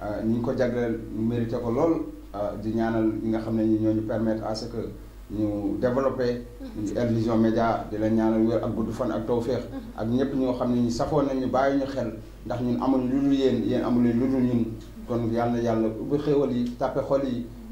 ni euh, ñu ko jagleel mérité ko lool euh, di ñaanal ñi nga xam ne ñoo ñu permettre à ce que ñu développé. El mm-hmm. Vision Média di leen ñaanal wér ak gudd fan ak tawféex. Mm-hmm. ak ñëpp ñoo xam ne ñu safoon nañu bàyyi ñu xel ndax ñun amuñ lu dul yéen yéen amuñ lu dul ñun. Mm-hmm. kon yàlla na yàlla ubbi xéewal yi tàppe xol yi.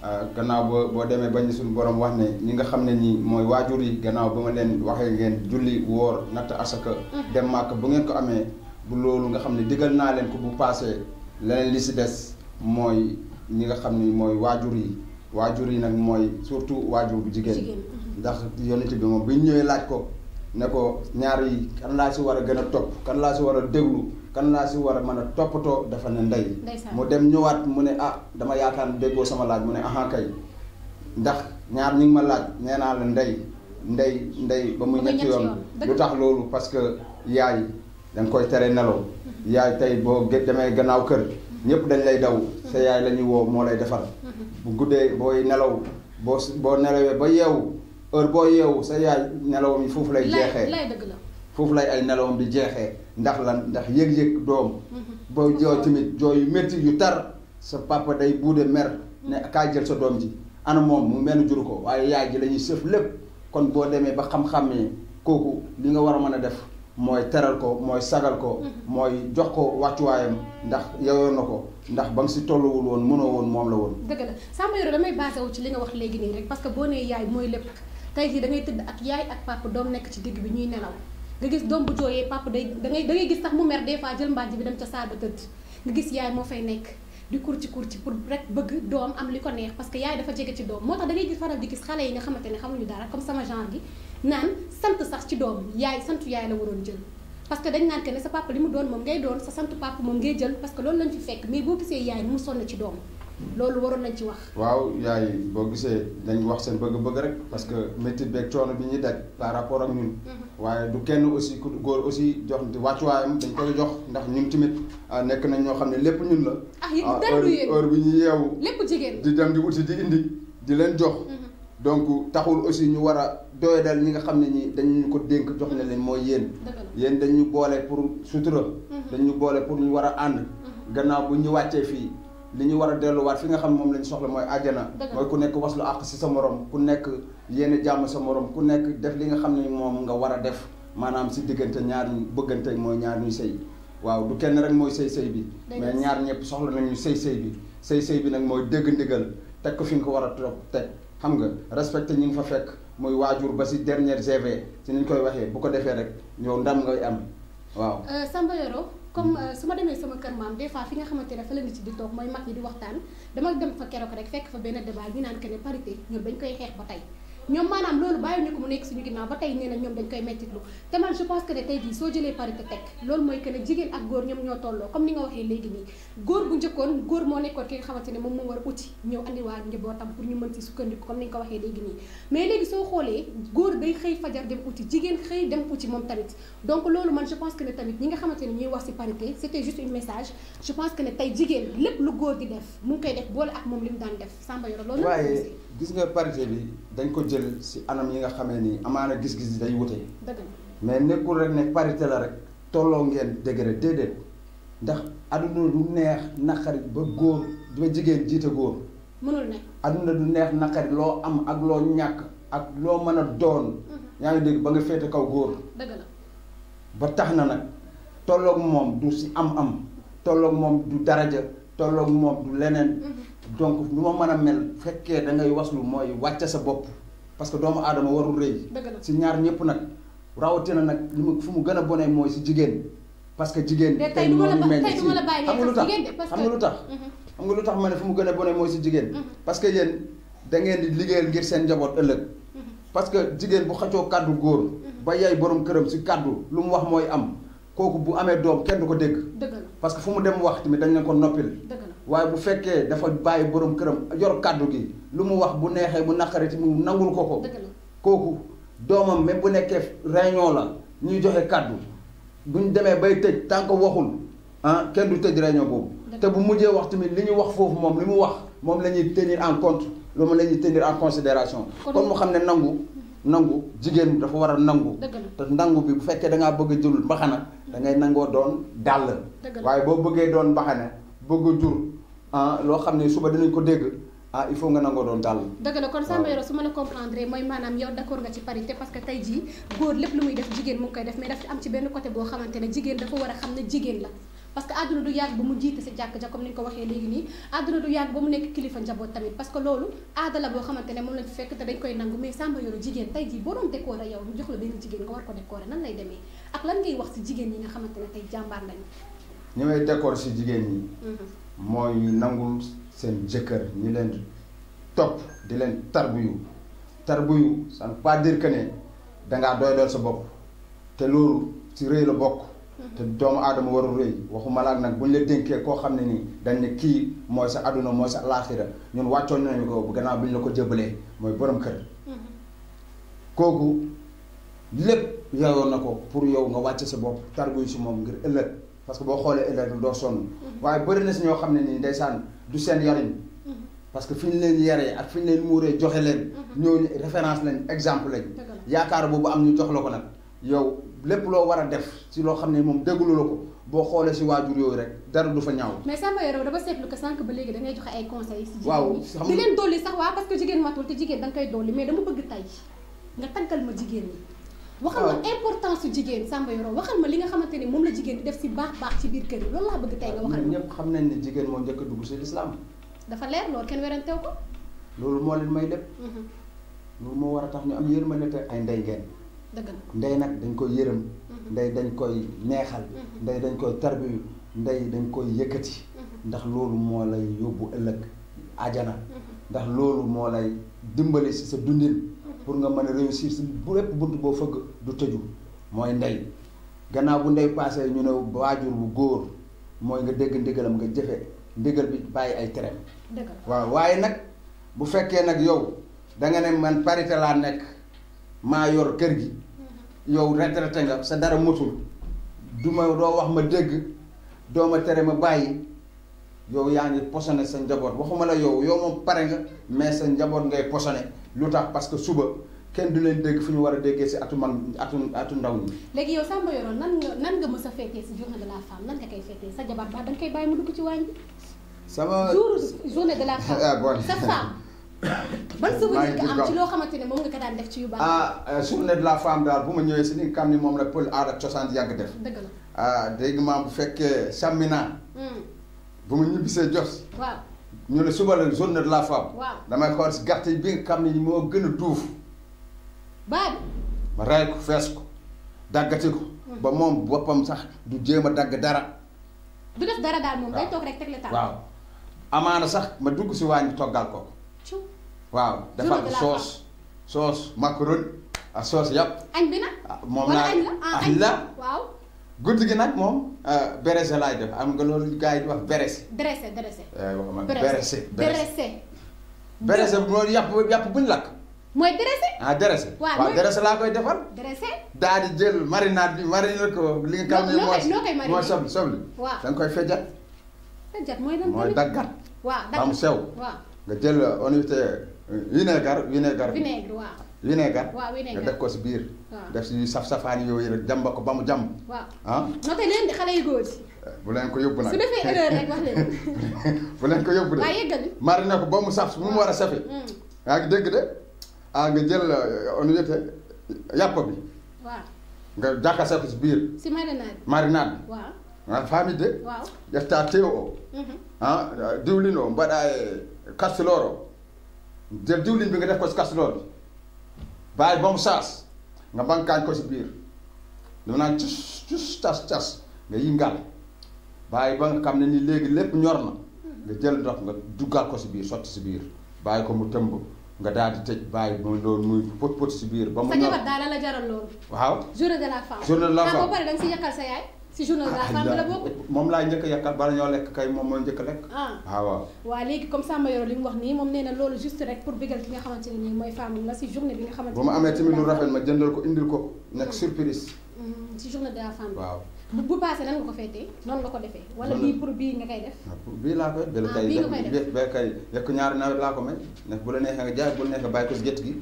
Ah, gannaaw bo boo demee bañ suñu borom wax ne ñi nga xam ne ni mooy waajur yi gannaaw ba ma leen waxee ngeen julli woor natt asaka mm. dem màkk bu ngeen ko amee bu loolu nga xam ne digal naa leen ko bu passé leneen li si des mooy ñi nga xam ni mooy waajur yi waajur yi nag mooy surtout waajur bu jigéen mm-hmm. ndax yonente bi moom bi ñu ñëwee laaj ko ne ko ñaar yi kan laa si war a gën a topp kan laa si war a déglu kan laa si war a mën a toppatoo dafa ne ndey mu dem ñëwaat mu ne ah dama yaakaar déggoo sama laaj mu ne aha kay ndax ñaar ñu ngi ma laaj nee naa la ndey ndey ndey ba mu ñetti yoon lu tax loolu parce que yaay danga koy tere nelaw mm-hmm. yaay tey boo demee gannaaw kër mm-hmm. ñëpp dañ lay daw sa mm-hmm. yaay la ñuy woo moo lay defar bu guddee booy nelaw boo boo nelawee ba yeewu heure boo yeewu sa yaay nelawam yi foofu lay jeexee foofu lay ay nelawam di jeexee ndax lan ndax yëg-yëg doom mm-hmm. ba jooy tamit jooy yu métti yu tar sa papa day buude mer ne mm-hmm. kaa jël sa doom ji ana moom mu mel juru ko waaye yaay ji la sëf lépp kon boo demee ba xam-xamee kooku li nga war a mën a def mooy teral ko mooy sagal ko mm-hmm. mooy jox ko wàccuwaayam ndax yowoon na ko ndax ba nga si tolluwul woon mënoo woon moom la woon dëgg la Samba Yoro damay basé wu ci li nga wax léegi nii rek parce que boo nee yaay mooy lépp tey jii da ngay tëdd ak yaay ak papa doom nekk ci digg bi ñuy nelaw nga gis doom bu jooyee papa day dangay dangay gis sax mu mer des fois jël mbaaj bi dem ca ba tëdd nga gis yaay moo fay nekk di kurci kurci pour rek bëgg doom am li ko neex parce que yaay dafa jege ci doom moo tax dangay gis faral di gis xale yi nga xamante ne xamuñu dara comme sama genre gi naan sant sax ci doom yaay sant yaay la waroon jël parce que dañ naan que ne sa papa moom ngay doon sa sant papa moom ngay jël parce loolu lañ fi fekk mais boo gisee yaay mu sonn ci doom loolu waroon nañ ci wax. waaw yaay boo gisee dañ wax seen bëgg-bëgg rek parce que métti beeg coono bi ñu daj par rapport ak ñun. Mm-hmm. waaye du kenn aussi ku góor aussi jox wàccuwaayam dañ koy jox ndax ñun tamit ah, nekk nañ ñoo xam ne lépp ñun la. ah yéen ah, dara bi ñu yeewu. lépp jigéen di dem di uti di indi di leen jox. Mm-hmm. donc taxul aussi ñu war a doyadal ñi nga xam ne ñi dañu ko dénk jox na leen mooy yéen. yéen dañu boole pour sutura. Mm-hmm. dañu boole pour ñu war a ànd. gannaaw bu ñu wàccee fii. li ñu war a delluwaat fi nga xam moom lañ soxla mooy àjjana mooy ku nekk waslu àq si sa morom ku nekk yenn jàmm sa moroom ku nekk def li nga xam ne moom nga war a def maanaam si diggante ñaar ñu bëggante mooy ñaar ñuy sëy waaw du kenn rek mooy sëy sëy bi mais ñaar ñëpp soxla nañu sëy sëy bi sëy sëy bi nag mooy dégg ndigal teg ko fi nga ko war a toog teg xam nga respecté ñi nga fa fekk muy waajur ba si dernier GV si ni ñu koy waxee bu ko defee rek ñëw ndam ngay am waaw euh, comme euh, su ma demee sama kër maam des fois fi nga xamante ne fa la nit ci di toog mooy mag ñi di waxtaan dama dem fa keroog rek fekk fa benn débat ñu naan que ne parité ñun dañ koy xeex ba tey ñoom maanaam loolu bàyyi ñu ko mu nekk suñu ginnaaw ba tey nee na ñoom dañ koy mettitlu te man je pense que ne tey jii soo jëlee parité teg loolu mooy que ne jigéen ak góor ñoom ñoo tolloo ni nga waxee léegi nii góor bu njëkkoon góor moom moo war a uti ñëw andiwaat njabootam pour xëy dem uti jigéen moom tamit donc loolu man je pense que ne tamit ñi nga xamante ne ñuy wax ci parité c'était juste un message je pense que ne tey jigéen lépp lu góor di def mu ngi koy def moom li mu daan def gis nga parité bi dañ ko jël si anam yi nga xamee ni amaana gis-gis yi day wute. mais nekkul rek ne parité la rek tolloo ngeen degré déedéet ndax aduna du neex naqari ba góor ba jigéen jiite góor. mënul ne aduna du neex naqari loo am ak loo ñàkk ak loo mën a doon. Mm-hmm. yaa ngi dégg ba nga féete kaw góor. dëgg ba tax na nag tollook moom du si am-am tolloog moom du daraja tolloog moom du leneen. Mm-hmm. donc nu ma mën a mel fekkee da ngay waslu mooy wàcce sa bopp parce que doomu aadama warul rëy. si ñaar ñëpp nag rawatina nag li mu fu mu gën a bonee mooy si jigéen parce que jigéen. tey nu ma la tey nu ma la xam nga lu tax xam nga lu tax. Mhm. xam nga lu tax ma ne fu mu gën a bonee mooy si jigéen. Mhm. parce que yéen da ngeen di liggéeyal ngir seen njaboot ëllëg. Mhm. parce que jigéen bu xëccoo kaddu góor. ba yay borom këram si kaddu lu mu wax mooy am kooku bu amee doom kenn du ko dégg. parce que fu mu dem wax tamit dañ leen ko noppil. waaye bu fekkee dafa bàyyi borom këram yor kàddu gi lu mu wax bu neexee bu naqaree mu nangul ko ko kooku doomam même bu nekkee réunion la ñuy joxe kàddu buñ demee bay tëj tant que waxul ah kenn du tëj réunion boobu te bu mujjee wax tamit li ñu wax foofu moom li mu wax moom la ñuy tenir en compte loolu la ñuy tenir en considération kon mu xam ne nangu nangu jigéen dafa war a nangu te nangu bi bu fekkee dangaa bëgg a jëlul mbaxana da ngay nangoo doon dàll waaye boo bëggee doon mbaxana bëgg a jur ah, loo xam ne suba dinañ ko dégg ah il faut nga nangoo doon dal dëgg kon Samba Yoro su ma la comprendre mooy maanaam yow d'accord nga ci parité parce que tey jii góor lépp lu muy def jigéen mu ngi koy def mais ne jigéen a xam ne jigéen la parce que àdduna du yàgg ba mu jiite si jàkk ko waxee léegi mu parce que loolu aada boo xamante ne moom lañ fekk te dañ koy nangu mais Samba Yoro jigéen tey jii boo doon décorer yow ñu jox la benn jigéen nga war ko décorer nan lay demee ak lan ngay wax si jigéen yi nga xamante ne tey jàmbaar lañu ñi may si jigéen ñi. Mm-hmm. mooy nangu seen jëkkër ñu leen di topp di leen tarbuyu tarbuyu ça ne pas dire que ne dangaa doy dool sa bopp te loolu si rëy la bokk. Mm-hmm. te doomu aadama warul rëy waxuma la nag bu ñu la dénkee koo xam ne nii dañ ne kii mooy sa àdduna mooy sa alaaxira ñun wàccoon nañu ko bu gannaaw bi ñu la ko jëbalee mooy borom kër. Mm-hmm. kooku lépp yeewoon na ko pour yow nga wàcc sa bopp tarbuyu si moom ngir ëllëg. parce que boo xoolee ëllëg doo sonn waaye bëri na si ñoo xam ne nii ndeysaan du seen yarin parce que fi ñu leen yaree ak fi ñu leen muuree joxe leen ñooñu référence lañ exemple lañ yaakaar boobu am ñu jox la ko nag yow lépp loo war a def si loo xam ne moom déglu la ko boo xoolee si waajur yooyu rek dara du fa ñaaw. mais Samba Yoro dafa seetlu que sànq ba léegi da joxe ay conseils. waaw xam nga di leen dolli sax waaw parce que jigéen matul te jigéen da waxal ma ah. importance su jigéen Samba Yoro waxal ma li nga xamante ni moom la jigéen di def si baax baax ci biir kër yi loolu laa bëgg tey nga waxal ma ñëpp xam nañ ne jigéen moo njëkk a dugg si lislaam dafa leer loolu kenn tew ko loolu moo leen may def mhm. loolu moo war a tax ñu am yërmande te ay ndey ngeen dëgg la ndey nag dañ koy yërëm mhm. ndey dañ koy neexal mhm. ndey dañ koy tarbiyu ndey dañ koy yëkkati ndax loolu moo lay yóbbu ëllëg ajana ndax loolu moo lay si sa dundin pour nga mën a réussir si bu lépp bunt boo fëgg du tëju mooy ndey gannaaw bu ndey paasee ñu ne waajur bu góor mooy nga dégg ndigalam nga jëfe ndigal bi bàyyi ay tereem waaw waaye nag bu fekkee nag yow danga ne man parité laa nekk maa yor kër gi mm-hmm. yow retraité nga sa dara motul du doo wax ma dégg doo ma tere ma bàyyi yow yaa ngi posone sa njaboot waxuma la yow yow moom pare nga mais sa njaboot ngay posone lu tax parce que suba kenn du leen dégg fu ñu war a déggee si atu mag atu atu ndaw ñi. léegi yow Samba Yoro nan nga nan nga mës a feetee si journée de la femme nan nga koy feetee sa jabar ba da nga koy bàyyi mu dugg ci waañ sama jour journée de la femme. Ah, sa femme. ban souvenir nga am loo xamante ne moom nga daan def ci yu baax. Ah, euh, la femme daal bu ma ñëwee si ni kam ni moom la pël aada cosaan yàgg def. dëgg la ah dégg maa bu fekkee sàmmi naa. Hmm. bu ma ñibbisee jos. waaw. ñu ne suba la journée de la femme. waaw damay xool si gàtt bi nga xam ne moo gën a duuf. baabi. ma ray ko fees ko daggati ko. Hmm. ba moom boppam sax du jéem a dagg dara. du def dara daal moom day toog rek teg la taal. waaw amaana sax ma dugg si waañ toggal ko. waaw defal ko soos soos macaroni ak soos yàpp. añ bi nag. Ah, moom naa añ la ah, ah, guddi gi nag moom eh, berese laay def am nga loolu gars yi di wax berese. berese berese. Eh, berese berese berese mooy yàpp yàpp buñ lakk. mooy dressé. ah dressé. waaw dressé laa koy defal. dressé. daal di jël marinade bi mariner ko li nga. noo noo koy noo koy mariner mooy soble soble. waaw da nga koy fejjat. fejjat mooy lan mooy daggat. waaw daggat ba mu sew. waaw nga jël euh, on dirait euh, vinaigre vinaigre. vinaigre waaw. vinaigre. waaw vinaigre nga def ko si biir. def si saf safaan yooyu rek jàmba ko ba mu jàmb. waaw leen di xale yu góor eh, bu leen ko yóbbu nag bu leen ko yóbbu de. waaw ko ba mu saf bu mu war a safee. Mm. yaa dégg de ah, nga jël euh, on dirait yàpp bi. nga jàkkase ko si biir. si marinade bi marinade bi. waaw. nga faami de. waaw yefta mm-hmm. diwlin o mbaɗa e eh, castelor jël diwlin bi nga def ko si castelor bi. bàyyi ba mu saas nga bankaan ko si biir dama naan cus cus cas cas nga yingal bàyyi ba nga xam ne ni léegi lépp ñor na nga jël ndox nga duggal ko si biir sotti si biir bàyyi ko mu tëmb nga daal di tëj bàyyi ba loolu muy pot pot si biir. ba mu ñor sa jabar daal jaral loolu. waaw journée de la femme. journée de la femme ba pare da si yàqal sa yaay. si journal de l'Assemblée la bokk moom laa njëkk a yàqal bala ñoo lek kay moom mo ñëk lek lekk ah, ah waaw wa léegi comme ça ma Yoro li mu wax ni moom néna lolu juste rek pour bigal ki nga xamanteni ni moy mooy femme la si journée bi nga xamanteni ne bu ma amee tamit lu rafet ma jëndal ko indil ko nek ah. surprise si mm-hmm. journée de la femme waaw bu bu passé nan nga ko fété non nga ko défé wala bi pour bi nga kay def pour bi la ko bii la koy def ah, bii kay yekk ñaar nawet la ko may nek bu la neexee nga jaay bu la neexee bàyyi ko si gi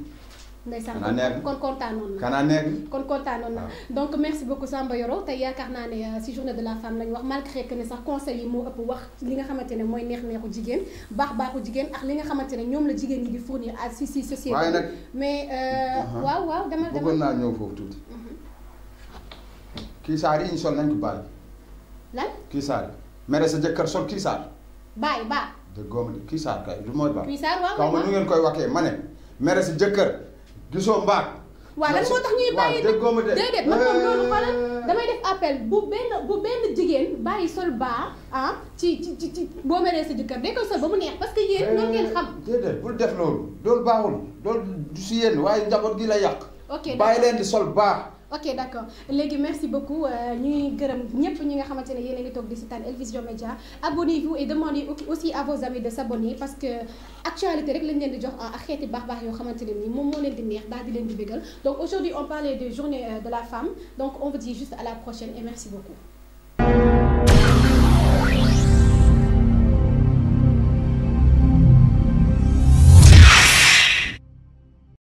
ndeysaan kon kontaanoon na kanaa nekk kon kontaanoon na ah. donc merci beaucoup Samba Yoro te yaakaar naa ne euh, si journée de la femme lañu wax malgré que né sax conseil yi mo ëpp wax li nga xamante ne mooy neex neexu jigen bax baxu jigen ak li nga xamante ne ñoom la jigen yi di fournir à si si société mais euh uh-huh. waaw waaw dama dama bëggoon na ñëw fofu tuuti uh-huh. kii saar yi ñu sol nañ ko baay lan ki saar mère sa jëkkër sol ki saar bàyyi ba de gooma de kii saar kay du moy ba ki saar waaw kaw ma nu ngeen koy waxee mané mère sa jëkkër gisoo mbaat. waaw lan moo tax ñuy bàyyi déedéet man moom loolu eh. xoolal damay def appel bu benn bu benn jigéen bàyyi sol baa ah, ci ci ci ci boo meree sa jëkkër day koy sol ba mu neex parce que yéen eh, loolu ngeen xam. déedéet bul def loolu loolu baaxul loolu du si yéen waaye njaboot gi la yàq. ok bàyyi leen di sol baax ok d'accord. légui merci beaucoup euh, ñuy gërëm ñëpp ñi nga xamante ne yéen a ngi toog di seetaan abonnez-vous et demandez aussi à vos amis de s'abonner parce que actualité rek lañ leen di jox ak xeeti baax baax yoo xamante ne nii moom moo leen di neex daal di leen di bégal donc aujourd'hui on parlait de journée euh, de la femme donc on vous dit juste à la prochaine et merci beaucoup